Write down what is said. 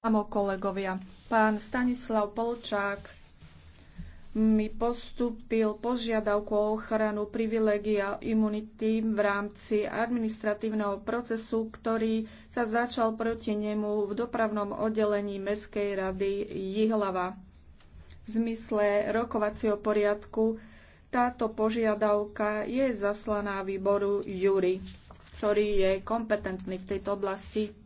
Samo kolegovia, pán Stanislav Polčák mi postúpil požiadavku o ochranu privilegia imunity v rámci administratívneho procesu, ktorý sa začal proti nemu v dopravnom oddelení Mestskej rady Jihlava. V zmysle rokovacieho poriadku táto požiadavka je zaslaná výboru Jury, ktorý je kompetentný v tejto oblasti.